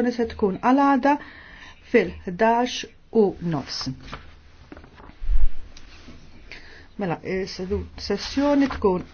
sessjoni se tkun għalada fil-11 u nofs. Mela, sessjoni tkun